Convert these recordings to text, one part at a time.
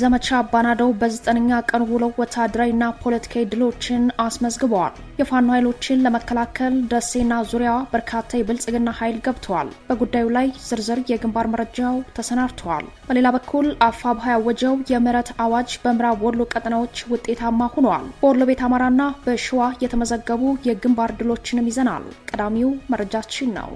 ዘመቻ አባናደው በዘጠነኛ ቀን ውለው ወታደራዊና ፖለቲካዊ ድሎችን አስመዝግበዋል። የፋኖ ኃይሎችን ለመከላከል ደሴና ዙሪያ በርካታ የብልጽግና ኃይል ገብተዋል። በጉዳዩ ላይ ዝርዝር የግንባር መረጃው ተሰናድተዋል። በሌላ በኩል አፋብኃ ያወጀው የምህረት አዋጅ በምዕራብ ወሎ ቀጠናዎች ውጤታማ ሆኗል። በወሎ ቤት አማራና በሸዋ የተመዘገቡ የግንባር ድሎችንም ይዘናል። ቀዳሚው መረጃችን ነው።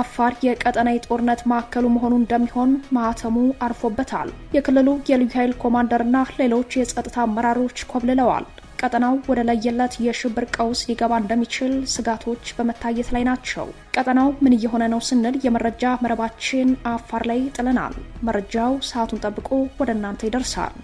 አፋር የቀጠና የጦርነት ማዕከሉ መሆኑ እንደሚሆን ማህተሙ አርፎበታል። የክልሉ የልዩ ኃይል ኮማንደርና ሌሎች የጸጥታ አመራሮች ኮብልለዋል። ቀጠናው ወደ ለየለት የሽብር ቀውስ ሊገባ እንደሚችል ስጋቶች በመታየት ላይ ናቸው። ቀጠናው ምን እየሆነ ነው ስንል የመረጃ መረባችን አፋር ላይ ጥለናል። መረጃው ሰዓቱን ጠብቆ ወደ እናንተ ይደርሳል።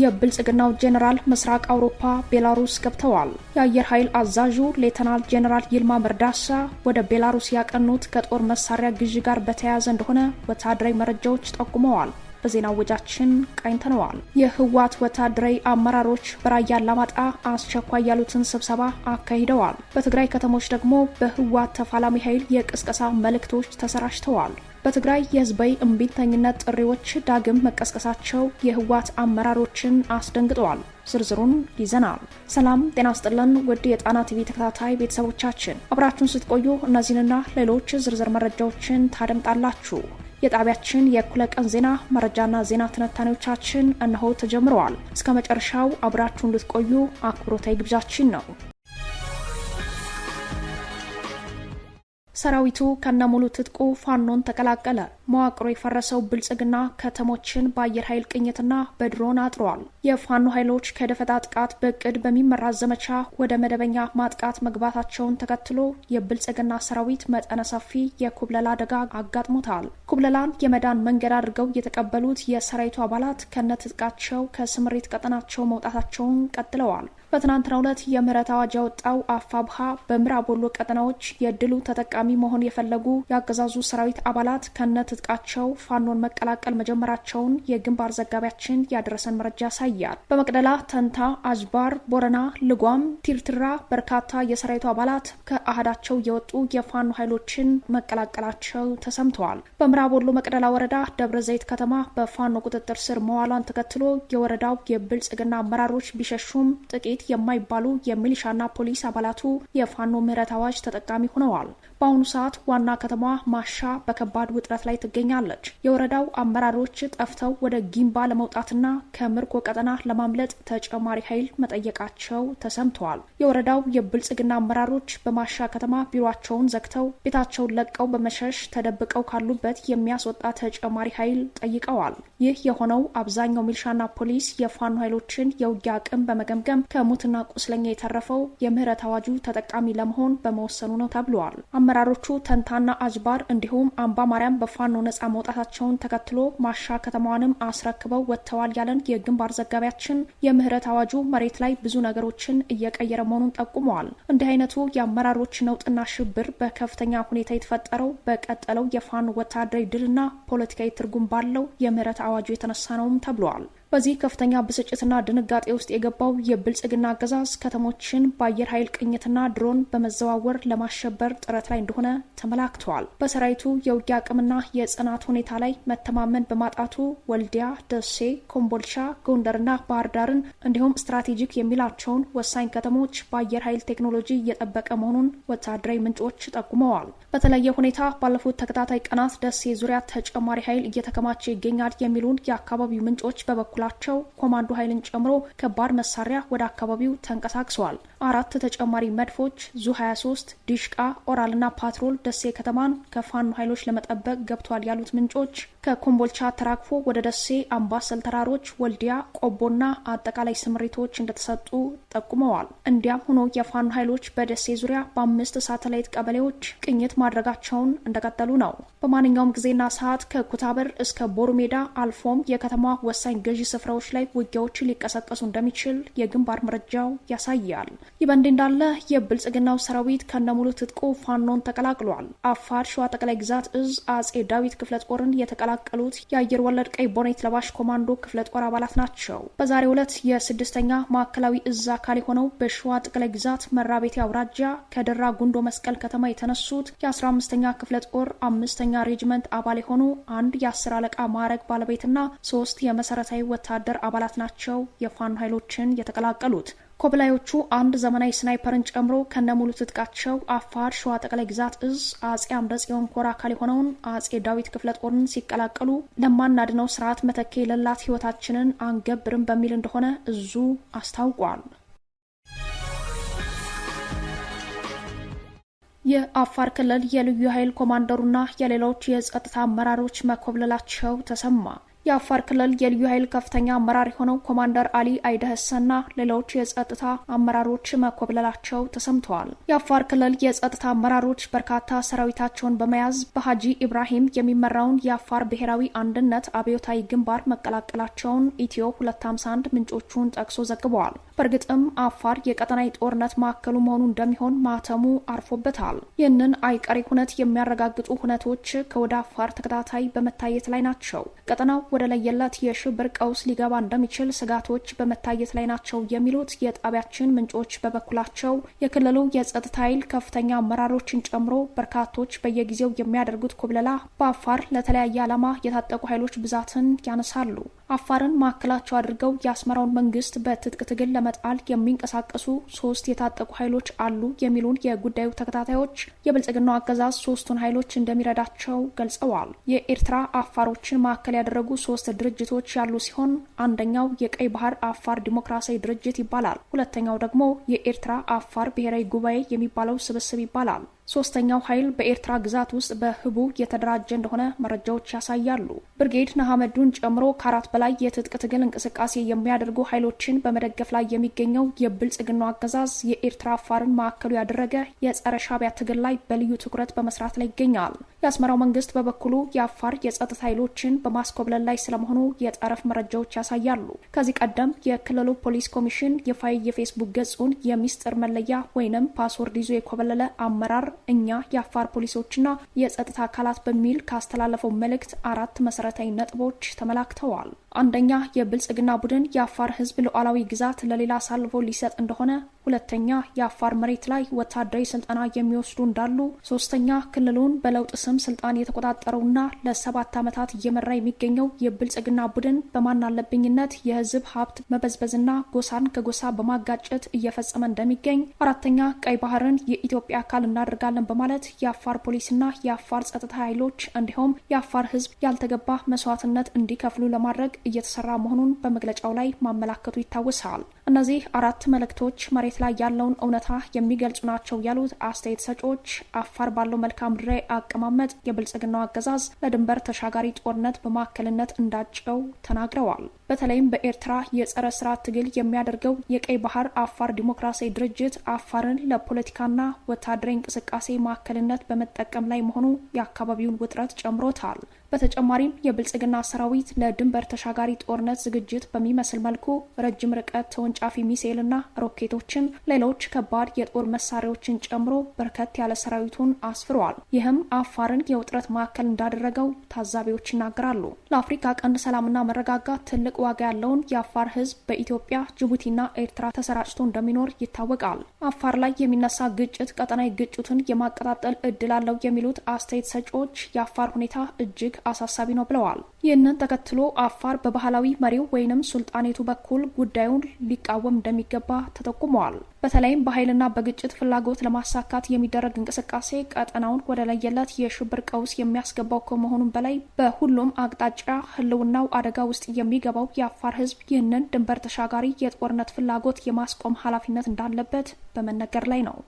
የብልጽግናው ጄኔራል ምስራቅ አውሮፓ ቤላሩስ ገብተዋል። የአየር ኃይል አዛዡ ሌተናል ጄኔራል ይልማ መርዳሳ ወደ ቤላሩስ ያቀኑት ከጦር መሳሪያ ግዢ ጋር በተያያዘ እንደሆነ ወታደራዊ መረጃዎች ጠቁመዋል። በዜና ወጃችን ቃኝተነዋል። የህወሓት ወታደራዊ አመራሮች በራያ አላማጣ አስቸኳይ ያሉትን ስብሰባ አካሂደዋል። በትግራይ ከተሞች ደግሞ በህወሓት ተፋላሚ ኃይል የቅስቀሳ መልእክቶች ተሰራጭተዋል። በትግራይ የህዝባዊ እምቢተኝነት ጥሪዎች ዳግም መቀስቀሳቸው የህወሓት አመራሮችን አስደንግጠዋል። ዝርዝሩን ይዘናል። ሰላም ጤና ስጥልን ውድ የጣና ቲቪ ተከታታይ ቤተሰቦቻችን አብራችሁን ስትቆዩ እነዚህንና ሌሎች ዝርዝር መረጃዎችን ታደምጣላችሁ። የጣቢያችን የእኩለ ቀን ዜና መረጃና ዜና ትንታኔዎቻችን እነሆ ተጀምረዋል። እስከ መጨረሻው አብራችሁ እንድትቆዩ አክብሮታዊ ግብዣችን ነው። ሰራዊቱ ከነሙሉ ትጥቁ ፋኖን ተቀላቀለ። መዋቅሩ የፈረሰው ብልጽግና ከተሞችን በአየር ኃይል ቅኝትና በድሮን አጥሯል። የፋኖ ኃይሎች ከደፈጣ ጥቃት በእቅድ በሚመራ ዘመቻ ወደ መደበኛ ማጥቃት መግባታቸውን ተከትሎ የብልጽግና ሰራዊት መጠነ ሰፊ የኩብለላ አደጋ አጋጥሞታል። ኩብለላን የመዳን መንገድ አድርገው የተቀበሉት የሰራዊቱ አባላት ከነትጥቃቸው ከስምሪት ቀጠናቸው መውጣታቸውን ቀጥለዋል። በትናንትናው ዕለት የምህረት አዋጅ ያወጣው አፋብሃ በምዕራብ ወሎ ቀጠናዎች የድሉ ተጠቃሚ መሆን የፈለጉ የአገዛዙ ሰራዊት አባላት ከነ ትጥቃቸው ፋኖን መቀላቀል መጀመራቸውን የግንባር ዘጋቢያችን ያደረሰን መረጃ ያሳያል። በመቅደላ፣ ተንታ፣ አጅባር፣ ቦረና፣ ልጓም፣ ቲርትራ በርካታ የሰራዊቱ አባላት ከአህዳቸው የወጡ የፋኖ ኃይሎችን መቀላቀላቸው ተሰምተዋል። በምዕራብ ወሎ መቅደላ ወረዳ ደብረ ዘይት ከተማ በፋኖ ቁጥጥር ስር መዋሏን ተከትሎ የወረዳው የብልጽግና አመራሮች ቢሸሹም ጥቂት ጥቂት የማይባሉ የሚሊሻና ፖሊስ አባላቱ የፋኖ ምህረት አዋጅ ተጠቃሚ ሆነዋል። በአሁኑ ሰዓት ዋና ከተማዋ ማሻ በከባድ ውጥረት ላይ ትገኛለች። የወረዳው አመራሮች ጠፍተው ወደ ጊምባ ለመውጣትና ከምርኮ ቀጠና ለማምለጥ ተጨማሪ ኃይል መጠየቃቸው ተሰምተዋል። የወረዳው የብልጽግና አመራሮች በማሻ ከተማ ቢሮቸውን ዘግተው ቤታቸውን ለቀው በመሸሽ ተደብቀው ካሉበት የሚያስወጣ ተጨማሪ ኃይል ጠይቀዋል። ይህ የሆነው አብዛኛው ሚልሻና ፖሊስ የፋኖ ኃይሎችን የውጊያ አቅም በመገምገም ከሙትና ቁስለኛ የተረፈው የምህረት አዋጁ ተጠቃሚ ለመሆን በመወሰኑ ነው ተብለዋል። አመራሮቹ ተንታና አጅባር እንዲሁም አምባ ማርያም በፋኖ ነጻ መውጣታቸውን ተከትሎ ማሻ ከተማዋንም አስረክበው ወጥተዋል ያለን የግንባር ዘጋቢያችን የምህረት አዋጁ መሬት ላይ ብዙ ነገሮችን እየቀየረ መሆኑን ጠቁመዋል። እንዲህ አይነቱ የአመራሮች ነውጥና ሽብር በከፍተኛ ሁኔታ የተፈጠረው በቀጠለው የፋኖ ወታደራዊ ድልና ፖለቲካዊ ትርጉም ባለው የምህረት አዋጁ የተነሳ ነውም ተብለዋል። በዚህ ከፍተኛ ብስጭትና ድንጋጤ ውስጥ የገባው የብልጽግና አገዛዝ ከተሞችን በአየር ኃይል ቅኝትና ድሮን በመዘዋወር ለማሸበር ጥረት ላይ እንደሆነ ተመላክተዋል። በሰራዊቱ የውጊያ አቅምና የጽናት ሁኔታ ላይ መተማመን በማጣቱ ወልዲያ፣ ደሴ፣ ኮምቦልቻ፣ ጎንደርና ባህር ዳርን እንዲሁም ስትራቴጂክ የሚላቸውን ወሳኝ ከተሞች በአየር ኃይል ቴክኖሎጂ እየጠበቀ መሆኑን ወታደራዊ ምንጮች ጠቁመዋል። በተለየ ሁኔታ ባለፉት ተከታታይ ቀናት ደሴ ዙሪያ ተጨማሪ ኃይል እየተከማቸ ይገኛል የሚሉን የአካባቢው ምንጮች በበኩል በበኩላቸው ኮማንዶ ኃይልን ጨምሮ ከባድ መሳሪያ ወደ አካባቢው ተንቀሳቅሰዋል። አራት ተጨማሪ መድፎች ዙ 23 ዲሽቃ፣ ኦራልና ፓትሮል ደሴ ከተማን ከፋኖ ኃይሎች ለመጠበቅ ገብቷል ያሉት ምንጮች ከኮምቦልቻ ተራክፎ ወደ ደሴ፣ አምባሰል ተራሮች፣ ወልዲያ፣ ቆቦና አጠቃላይ ስምሪቶች እንደተሰጡ ጠቁመዋል። እንዲያም ሆኖ የፋኖ ኃይሎች በደሴ ዙሪያ በአምስት ሳተላይት ቀበሌዎች ቅኝት ማድረጋቸውን እንደቀጠሉ ነው። በማንኛውም ጊዜና ሰዓት ከኩታበር እስከ ቦሩ ሜዳ አልፎም የከተማ ወሳኝ ገዢ ስፍራዎች ላይ ውጊያዎች ሊቀሰቀሱ እንደሚችል የግንባር መረጃው ያሳያል። ይህ በእንዲህ እንዳለ የብልጽግናው ሰራዊት ከነሙሉ ትጥቁ ፋኖን ተቀላቅሏል። አፋር ሸዋ ጠቅላይ ግዛት እዝ አጼ ዳዊት ክፍለ ጦርን የተቀላ የተቀላቀሉት የአየር ወለድ ቀይ ቦኔት ለባሽ ኮማንዶ ክፍለ ጦር አባላት ናቸው። በዛሬው ዕለት የስድስተኛ ማዕከላዊ እዝ አካል የሆነው በሸዋ ጠቅላይ ግዛት መራቤቴ አውራጃ ከደራ ጉንዶ መስቀል ከተማ የተነሱት የአስራ አምስተኛ ክፍለ ጦር አምስተኛ ሬጅመንት አባል የሆኑ አንድ የአስር አለቃ ማዕረግ ባለቤትና ሶስት የመሰረታዊ ወታደር አባላት ናቸው የፋኖ ኃይሎችን የተቀላቀሉት። ኮብላዮቹ አንድ ዘመናዊ ስናይፐርን ጨምሮ ከነሙሉ ትጥቃቸው አፋር ሸዋ ጠቅላይ ግዛት እዝ አጼ አምደ ጽዮን ኮር አካል የሆነውን አጼ ዳዊት ክፍለ ጦርን ሲቀላቀሉ ለማናድነው ስርዓት መተኬ የሌላት ህይወታችንን አንገብርም በሚል እንደሆነ እዙ አስታውቋል። የአፋር ክልል የልዩ ኃይል ኮማንደሩና የሌሎች የጸጥታ አመራሮች መኮብለላቸው ተሰማ። የአፋር ክልል የልዩ ኃይል ከፍተኛ አመራር የሆነው ኮማንደር አሊ አይደህሰና ሌሎች የጸጥታ አመራሮች መኮብለላቸው ተሰምተዋል። የአፋር ክልል የጸጥታ አመራሮች በርካታ ሰራዊታቸውን በመያዝ በሀጂ ኢብራሂም የሚመራውን የአፋር ብሔራዊ አንድነት አብዮታዊ ግንባር መቀላቀላቸውን ኢትዮ 251 ምንጮቹን ጠቅሶ ዘግበዋል። በእርግጥም አፋር የቀጠና ጦርነት ማዕከሉ መሆኑ እንደሚሆን ማተሙ አርፎበታል። ይህንን አይቀሬ ሁነት የሚያረጋግጡ ሁነቶች ከወደ አፋር ተከታታይ በመታየት ላይ ናቸው። ቀጠናው ወደ የላት የሽብር ቀውስ ሊገባ እንደሚችል ስጋቶች በመታየት ላይ ናቸው የሚሉት የጣቢያችን ምንጮች በበኩላቸው የክልሉ የጸጥታ ኃይል ከፍተኛ አመራሮችን ጨምሮ በርካቶች በየጊዜው የሚያደርጉት ኩብለላ በአፋር ለተለያየ ዓላማ የታጠቁ ኃይሎች ብዛትን ያነሳሉ። አፋርን ማዕከላቸው አድርገው የአስመራውን መንግስት በትጥቅ ትግል ለመጣል የሚንቀሳቀሱ ሶስት የታጠቁ ኃይሎች አሉ የሚሉን የጉዳዩ ተከታታዮች የብልጽግናው አገዛዝ ሶስቱን ኃይሎች እንደሚረዳቸው ገልጸዋል። የኤርትራ አፋሮችን ማዕከል ያደረጉ ሶስት ድርጅቶች ያሉ ሲሆን አንደኛው የቀይ ባህር አፋር ዲሞክራሲያዊ ድርጅት ይባላል። ሁለተኛው ደግሞ የኤርትራ አፋር ብሔራዊ ጉባኤ የሚባለው ስብስብ ይባላል። ሶስተኛው ኃይል በኤርትራ ግዛት ውስጥ በህቡ የተደራጀ እንደሆነ መረጃዎች ያሳያሉ። ብርጌድ ነሐመዱን ጨምሮ ከአራት በላይ የትጥቅ ትግል እንቅስቃሴ የሚያደርጉ ኃይሎችን በመደገፍ ላይ የሚገኘው የብልጽግናው አገዛዝ የኤርትራ አፋርን ማዕከሉ ያደረገ የጸረ ሻቢያ ትግል ላይ በልዩ ትኩረት በመስራት ላይ ይገኛል። የአስመራው መንግስት በበኩሉ የአፋር የጸጥታ ኃይሎችን በማስኮብለል ላይ ስለመሆኑ የጠረፍ መረጃዎች ያሳያሉ። ከዚህ ቀደም የክልሉ ፖሊስ ኮሚሽን የፋይ የፌስቡክ ገጹን የሚስጥር መለያ ወይንም ፓስወርድ ይዞ የኮበለለ አመራር እኛ የአፋር ፖሊሶችና የጸጥታ አካላት በሚል ካስተላለፈው መልእክት አራት መሰረታዊ ነጥቦች ተመላክተዋል። አንደኛ፣ የብልጽግና ቡድን የአፋር ሕዝብ ሉዓላዊ ግዛት ለሌላ አሳልፎ ሊሰጥ እንደሆነ፣ ሁለተኛ፣ የአፋር መሬት ላይ ወታደራዊ ስልጠና የሚወስዱ እንዳሉ፣ ሶስተኛ፣ ክልሉን በለውጥ ስም ስልጣን የተቆጣጠረውና ለሰባት ዓመታት እየመራ የሚገኘው የብልጽግና ቡድን በማናለብኝነት የህዝብ ሀብት መበዝበዝና ጎሳን ከጎሳ በማጋጨት እየፈጸመ እንደሚገኝ፣ አራተኛ፣ ቀይ ባህርን የኢትዮጵያ አካል እናደርጋለን እናደርጋለን በማለት የአፋር ፖሊስና የአፋር ጸጥታ ኃይሎች እንዲሁም የአፋር ህዝብ ያልተገባ መስዋዕትነት እንዲከፍሉ ለማድረግ እየተሰራ መሆኑን በመግለጫው ላይ ማመላከቱ ይታወሳል። እነዚህ አራት መልእክቶች መሬት ላይ ያለውን እውነታ የሚገልጹ ናቸው ያሉት አስተያየት ሰጪዎች አፋር ባለው መልክዓ ምድራዊ አቀማመጥ የብልጽግናው አገዛዝ ለድንበር ተሻጋሪ ጦርነት በማዕከልነት እንዳጨው ተናግረዋል። በተለይም በኤርትራ የጸረ ስራ ትግል የሚያደርገው የቀይ ባህር አፋር ዲሞክራሲያዊ ድርጅት አፋርን ለፖለቲካና ወታደራዊ እንቅስቃሴ ማዕከልነት በመጠቀም ላይ መሆኑ የአካባቢውን ውጥረት ጨምሮታል። በተጨማሪም የብልጽግና ሰራዊት ለድንበር ተሻጋሪ ጦርነት ዝግጅት በሚመስል መልኩ ረጅም ርቀት ተወንጫፊ ሚሳኤልና ሮኬቶችን፣ ሌሎች ከባድ የጦር መሳሪያዎችን ጨምሮ በርከት ያለ ሰራዊቱን አስፍረዋል። ይህም አፋርን የውጥረት ማዕከል እንዳደረገው ታዛቢዎች ይናገራሉ። ለአፍሪካ ቀንድ ሰላምና መረጋጋት ትልቅ ዋጋ ያለውን የአፋር ሕዝብ በኢትዮጵያ ጅቡቲና ኤርትራ ተሰራጭቶ እንደሚኖር ይታወቃል። አፋር ላይ የሚነሳ ግጭት ቀጠናዊ ግጭቱን የማቀጣጠል እድል አለው የሚሉት አስተያየት ሰጪዎች የአፋር ሁኔታ እጅግ አሳሳቢ ነው ብለዋል። ይህንን ተከትሎ አፋር በባህላዊ መሪው ወይንም ሱልጣኔቱ በኩል ጉዳዩን ሊቃወም እንደሚገባ ተጠቁመዋል። በተለይም በኃይልና በግጭት ፍላጎት ለማሳካት የሚደረግ እንቅስቃሴ ቀጠናውን ወደ ለየለት የሽብር ቀውስ የሚያስገባው ከመሆኑም በላይ በሁሉም አቅጣጫ ሕልውናው አደጋ ውስጥ የሚገባው የአፋር ሕዝብ ይህንን ድንበር ተሻጋሪ የጦርነት ፍላጎት የማስቆም ኃላፊነት እንዳለበት በመነገር ላይ ነው።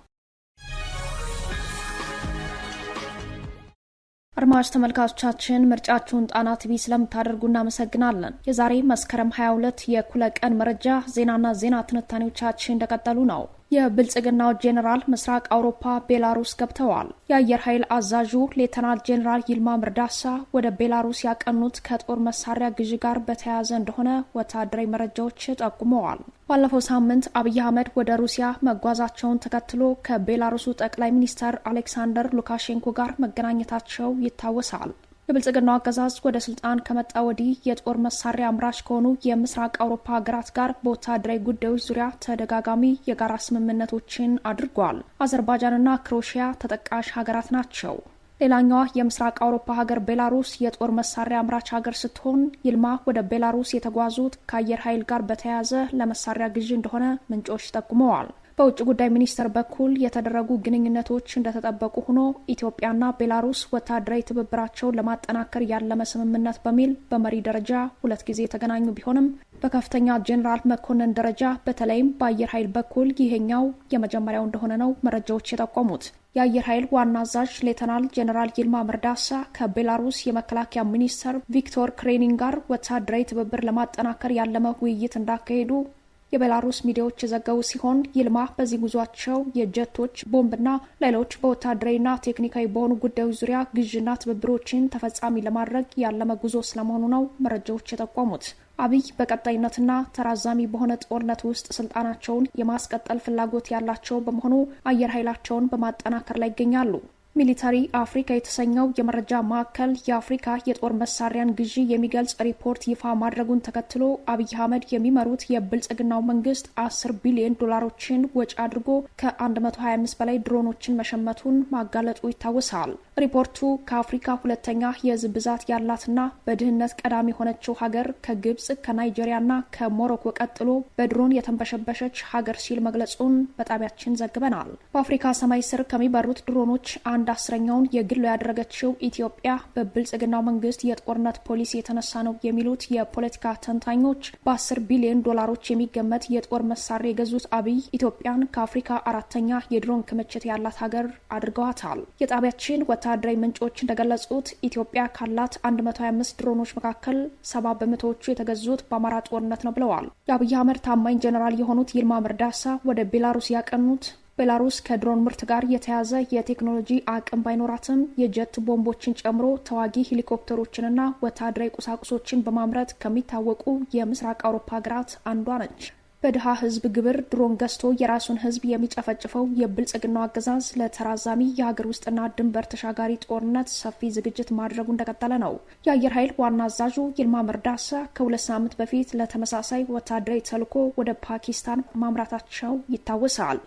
አድማጭ ተመልካቾቻችን ምርጫችሁን ጣና ቲቪ ስለምታደርጉ እናመሰግናለን። የዛሬ መስከረም 22 የእኩለ ቀን መረጃ ዜናና ዜና ትንታኔዎቻችን እንደቀጠሉ ነው። የብልጽግናው ጄኔራል ምስራቅ አውሮፓ ቤላሩስ ገብተዋል። የአየር ኃይል አዛዡ ሌተናል ጄኔራል ይልማ ምርዳሳ ወደ ቤላሩስ ያቀኑት ከጦር መሳሪያ ግዢ ጋር በተያያዘ እንደሆነ ወታደራዊ መረጃዎች ጠቁመዋል። ባለፈው ሳምንት አብይ አህመድ ወደ ሩሲያ መጓዛቸውን ተከትሎ ከቤላሩሱ ጠቅላይ ሚኒስተር አሌክሳንደር ሉካሼንኮ ጋር መገናኘታቸው ይታወሳል። የብልጽግናው አገዛዝ ወደ ስልጣን ከመጣ ወዲህ የጦር መሳሪያ አምራች ከሆኑ የምስራቅ አውሮፓ ሀገራት ጋር በወታደራዊ ጉዳዮች ዙሪያ ተደጋጋሚ የጋራ ስምምነቶችን አድርጓል። አዘርባይጃንና ክሮሺያ ተጠቃሽ ሀገራት ናቸው። ሌላኛዋ የምስራቅ አውሮፓ ሀገር ቤላሩስ የጦር መሳሪያ አምራች ሀገር ስትሆን ይልማ ወደ ቤላሩስ የተጓዙት ከአየር ኃይል ጋር በተያያዘ ለመሳሪያ ግዢ እንደሆነ ምንጮች ጠቁመዋል። በውጭ ጉዳይ ሚኒስቴር በኩል የተደረጉ ግንኙነቶች እንደተጠበቁ ሆኖ ኢትዮጵያና ቤላሩስ ወታደራዊ ትብብራቸውን ለማጠናከር ያለመ ስምምነት በሚል በመሪ ደረጃ ሁለት ጊዜ የተገናኙ ቢሆንም በከፍተኛ ጄኔራል መኮንን ደረጃ በተለይም በአየር ኃይል በኩል ይሄኛው የመጀመሪያው እንደሆነ ነው መረጃዎች የጠቆሙት። የአየር ኃይል ዋና አዛዥ ሌተናል ጄኔራል ይልማ መርዳሳ ከቤላሩስ የመከላከያ ሚኒስተር ቪክቶር ክሬኒን ጋር ወታደራዊ ትብብር ለማጠናከር ያለመ ውይይት እንዳካሄዱ የቤላሩስ ሚዲያዎች የዘገቡ ሲሆን ይልማ በዚህ ጉዟቸው የጀቶች ቦምብና ሌሎች በወታደራዊና ቴክኒካዊ በሆኑ ጉዳዮች ዙሪያ ግዥና ትብብሮችን ተፈጻሚ ለማድረግ ያለመ ጉዞ ስለመሆኑ ነው መረጃዎች የጠቆሙት። አብይ በቀጣይነትና ተራዛሚ በሆነ ጦርነት ውስጥ ስልጣናቸውን የማስቀጠል ፍላጎት ያላቸው በመሆኑ አየር ኃይላቸውን በማጠናከር ላይ ይገኛሉ። ሚሊታሪ አፍሪካ የተሰኘው የመረጃ ማዕከል የአፍሪካ የጦር መሳሪያን ግዢ የሚገልጽ ሪፖርት ይፋ ማድረጉን ተከትሎ አብይ አህመድ የሚመሩት የብልጽግናው መንግስት 10 ቢሊዮን ዶላሮችን ወጪ አድርጎ ከ125 በላይ ድሮኖችን መሸመቱን ማጋለጡ ይታወሳል። ሪፖርቱ ከአፍሪካ ሁለተኛ የህዝብ ብዛት ያላትና በድህነት ቀዳሚ የሆነችው ሀገር ከግብጽ፣ ከናይጄሪያና ከሞሮኮ ቀጥሎ በድሮን የተንበሸበሸች ሀገር ሲል መግለጹን በጣቢያችን ዘግበናል። በአፍሪካ ሰማይ ስር ከሚበሩት ድሮኖች አንድ አስረኛውን የግሉ ያደረገችው ኢትዮጵያ በብልጽግናው መንግስት የጦርነት ፖሊሲ የተነሳ ነው የሚሉት የፖለቲካ ተንታኞች በአስር ቢሊዮን ዶላሮች የሚገመት የጦር መሳሪያ የገዙት አብይ ኢትዮጵያን ከአፍሪካ አራተኛ የድሮን ክምችት ያላት ሀገር አድርገዋታል። የጣቢያችን ወታደራዊ ምንጮች እንደገለጹት ኢትዮጵያ ካላት 125 ድሮኖች መካከል ሰባ በመቶዎቹ የተገዙት በአማራ ጦርነት ነው ብለዋል። የአብይ አህመድ ታማኝ ጀኔራል የሆኑት ይልማ መርዳሳ ወደ ቤላሩስ ያቀኑት ቤላሩስ ከድሮን ምርት ጋር የተያዘ የቴክኖሎጂ አቅም ባይኖራትም የጀት ቦምቦችን ጨምሮ ተዋጊ ሄሊኮፕተሮችንና ወታደራዊ ቁሳቁሶችን በማምረት ከሚታወቁ የምስራቅ አውሮፓ ሀገራት አንዷ ነች። በድሃ ሕዝብ ግብር ድሮን ገዝቶ የራሱን ሕዝብ የሚጨፈጭፈው የብልጽግናው አገዛዝ ለተራዛሚ የሀገር ውስጥና ድንበር ተሻጋሪ ጦርነት ሰፊ ዝግጅት ማድረጉ እንደቀጠለ ነው። የአየር ኃይል ዋና አዛዡ ይልማ መርዳሳ ከሁለት ሳምንት በፊት ለተመሳሳይ ወታደራዊ ተልዕኮ ወደ ፓኪስታን ማምራታቸው ይታወሳል።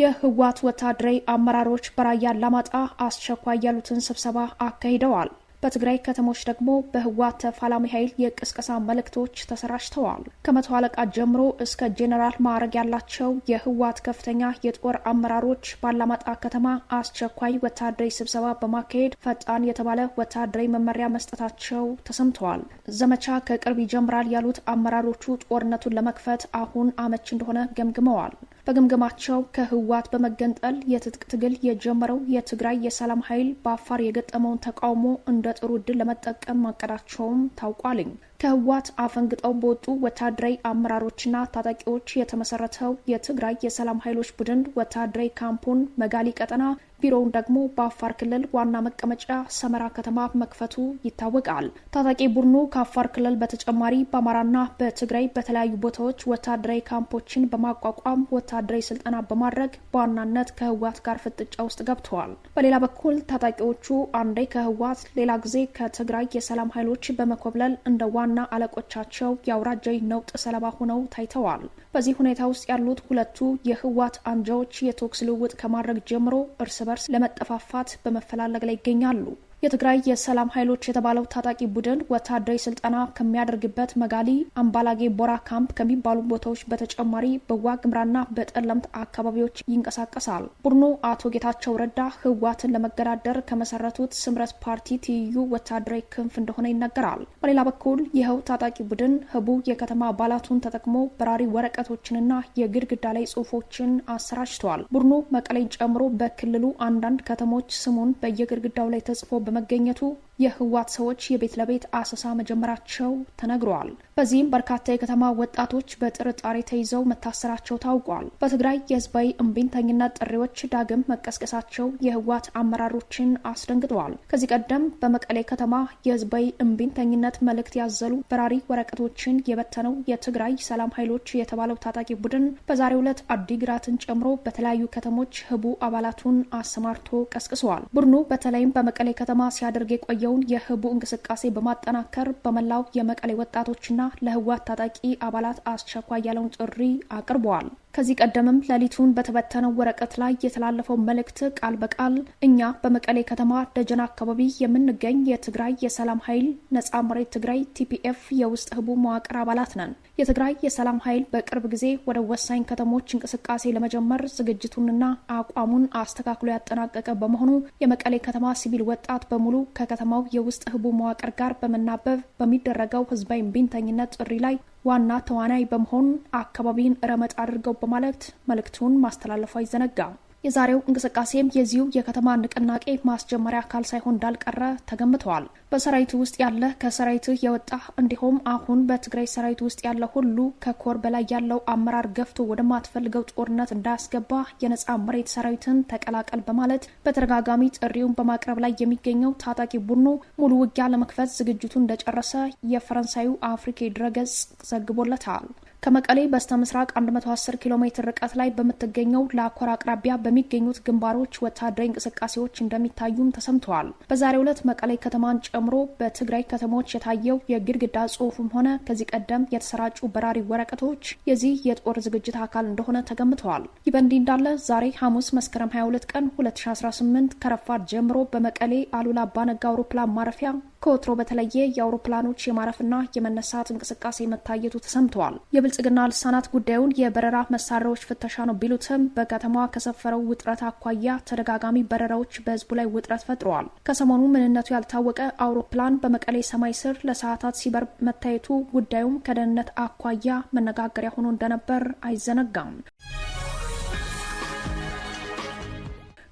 የህወሓት ወታደራዊ አመራሮች በራያ አላማጣ አስቸኳይ ያሉትን ስብሰባ አካሂደዋል። በትግራይ ከተሞች ደግሞ በህወሓት ተፋላሚ ኃይል የቅስቀሳ መልእክቶች ተሰራጭተዋል። ከመቶ አለቃ ጀምሮ እስከ ጄኔራል ማዕረግ ያላቸው የህወሓት ከፍተኛ የጦር አመራሮች ባላማጣ ከተማ አስቸኳይ ወታደራዊ ስብሰባ በማካሄድ ፈጣን የተባለ ወታደራዊ መመሪያ መስጠታቸው ተሰምተዋል። ዘመቻ ከቅርብ ይጀምራል ያሉት አመራሮቹ ጦርነቱን ለመክፈት አሁን አመች እንደሆነ ገምግመዋል። በግምገማቸው ከህወሓት በመገንጠል የትጥቅ ትግል የጀመረው የትግራይ የሰላም ኃይል በአፋር የገጠመውን ተቃውሞ እንደ ጥሩ ዕድል ለመጠቀም ማቀዳቸውም ታውቋልኝ። ከህወሓት አፈንግጠው በወጡ ወታደራዊ አመራሮችና ታጣቂዎች የተመሰረተው የትግራይ የሰላም ኃይሎች ቡድን ወታደራዊ ካምፑን መጋሊ ቀጠና ቢሮውን ደግሞ በአፋር ክልል ዋና መቀመጫ ሰመራ ከተማ መክፈቱ ይታወቃል። ታጣቂ ቡድኑ ከአፋር ክልል በተጨማሪ በአማራና በትግራይ በተለያዩ ቦታዎች ወታደራዊ ካምፖችን በማቋቋም ወታደራዊ ስልጠና በማድረግ በዋናነት ከህወሓት ጋር ፍጥጫ ውስጥ ገብተዋል። በሌላ በኩል ታጣቂዎቹ አንዴ ከህወሓት ሌላ ጊዜ ከትግራይ የሰላም ኃይሎች በመኮብለል እንደ ዋና አለቆቻቸው የአውራጃዊ ነውጥ ሰለባ ሆነው ታይተዋል። በዚህ ሁኔታ ውስጥ ያሉት ሁለቱ የህወሓት አንጃዎች የተኩስ ልውውጥ ከማድረግ ጀምሮ እርስ በርስ ለመጠፋፋት በመፈላለግ ላይ ይገኛሉ። የትግራይ የሰላም ኃይሎች የተባለው ታጣቂ ቡድን ወታደራዊ ስልጠና ከሚያደርግበት መጋሊ አምባላጌ ቦራ ካምፕ ከሚባሉ ቦታዎች በተጨማሪ በዋግምራና በጠለምት አካባቢዎች ይንቀሳቀሳል። ቡድኑ አቶ ጌታቸው ረዳ ህወሓትን ለመገዳደር ከመሰረቱት ስምረት ፓርቲ ትይዩ ወታደራዊ ክንፍ እንደሆነ ይነገራል። በሌላ በኩል ይኸው ታጣቂ ቡድን ህቡ የከተማ አባላቱን ተጠቅሞ በራሪ ወረቀቶችንና የግድግዳ ላይ ጽሁፎችን አሰራጭተዋል። ቡድኑ መቀሌን ጨምሮ በክልሉ አንዳንድ ከተሞች ስሙን በየግድግዳው ላይ ተጽፎ በመገኘቱ የህወሓት ሰዎች የቤት ለቤት አሰሳ መጀመራቸው ተነግረዋል። በዚህም በርካታ የከተማ ወጣቶች በጥርጣሬ ተይዘው መታሰራቸው ታውቋል። በትግራይ የህዝባዊ እምቢተኝነት ጥሪዎች ዳግም መቀስቀሳቸው የህወሓት አመራሮችን አስደንግጠዋል። ከዚህ ቀደም በመቀሌ ከተማ የህዝባዊ እምቢተኝነት መልእክት ያዘሉ በራሪ ወረቀቶችን የበተነው የትግራይ ሰላም ኃይሎች የተባለው ታጣቂ ቡድን በዛሬው ዕለት አዲግራትን ጨምሮ በተለያዩ ከተሞች ህቡ አባላቱን አሰማርቶ ቀስቅሰዋል። ቡድኑ በተለይም በመቀሌ ከተማ ሲያደርግ የቆየ የታየውን የህቡ እንቅስቃሴ በማጠናከር በመላው የመቀሌ ወጣቶችና ለህወሓት ታጣቂ አባላት አስቸኳይ ያለውን ጥሪ አቅርበዋል። ከዚህ ቀደምም ሌሊቱን በተበተነው ወረቀት ላይ የተላለፈው መልእክት ቃል በቃል እኛ በመቀሌ ከተማ ደጀና አካባቢ የምንገኝ የትግራይ የሰላም ኃይል ነጻ መሬት ትግራይ ቲፒኤፍ የውስጥ ህቡ መዋቅር አባላት ነን። የትግራይ የሰላም ኃይል በቅርብ ጊዜ ወደ ወሳኝ ከተሞች እንቅስቃሴ ለመጀመር ዝግጅቱንና አቋሙን አስተካክሎ ያጠናቀቀ በመሆኑ የመቀሌ ከተማ ሲቪል ወጣት በሙሉ ከከተማው የውስጥ ህቡ መዋቅር ጋር በመናበብ በሚደረገው ህዝባዊ እምቢተኝነት ጥሪ ላይ ዋና ተዋናይ በመሆን አካባቢን ረመጥ አድርገው በማለት መልእክቱን ማስተላለፉ አይዘነጋም። የዛሬው እንቅስቃሴም የዚሁ የከተማ ንቅናቄ ማስጀመሪያ አካል ሳይሆን እንዳልቀረ ተገምተዋል። በሰራዊቱ ውስጥ ያለ ከሰራዊት የወጣ እንዲሁም አሁን በትግራይ ሰራዊት ውስጥ ያለ ሁሉ ከኮር በላይ ያለው አመራር ገፍቶ ወደማትፈልገው ጦርነት እንዳያስገባ የነጻ መሬት ሰራዊትን ተቀላቀል በማለት በተደጋጋሚ ጥሪውን በማቅረብ ላይ የሚገኘው ታጣቂ ቡድኑ ሙሉ ውጊያ ለመክፈት ዝግጅቱ እንደጨረሰ የፈረንሳዩ አፍሪካ ድረገጽ ዘግቦለታል። ከመቀሌ በስተ ምስራቅ 110 ኪሎ ሜትር ርቀት ላይ በምትገኘው ለአኮር አቅራቢያ በሚገኙት ግንባሮች ወታደራዊ እንቅስቃሴዎች እንደሚታዩም ተሰምተዋል። በዛሬው ዕለት መቀሌ ከተማን ጨምሮ በትግራይ ከተሞች የታየው የግድግዳ ጽሁፍም ሆነ ከዚህ ቀደም የተሰራጩ በራሪ ወረቀቶች የዚህ የጦር ዝግጅት አካል እንደሆነ ተገምተዋል። ይህ በእንዲህ እንዳለ ዛሬ ሐሙስ መስከረም 22 ቀን 2018 ከረፋድ ጀምሮ በመቀሌ አሉላ አባነጋ አውሮፕላን ማረፊያ ከወትሮ በተለየ የአውሮፕላኖች የማረፍና የመነሳት እንቅስቃሴ መታየቱ ተሰምተዋል። የብልጽግና ልሳናት ጉዳዩን የበረራ መሳሪያዎች ፍተሻ ነው ቢሉትም በከተማዋ ከሰፈረው ውጥረት አኳያ ተደጋጋሚ በረራዎች በህዝቡ ላይ ውጥረት ፈጥረዋል። ከሰሞኑ ምንነቱ ያልታወቀ አውሮፕላን በመቀሌ ሰማይ ስር ለሰዓታት ሲበር መታየቱ ጉዳዩም ከደህንነት አኳያ መነጋገሪያ ሆኖ እንደነበር አይዘነጋም።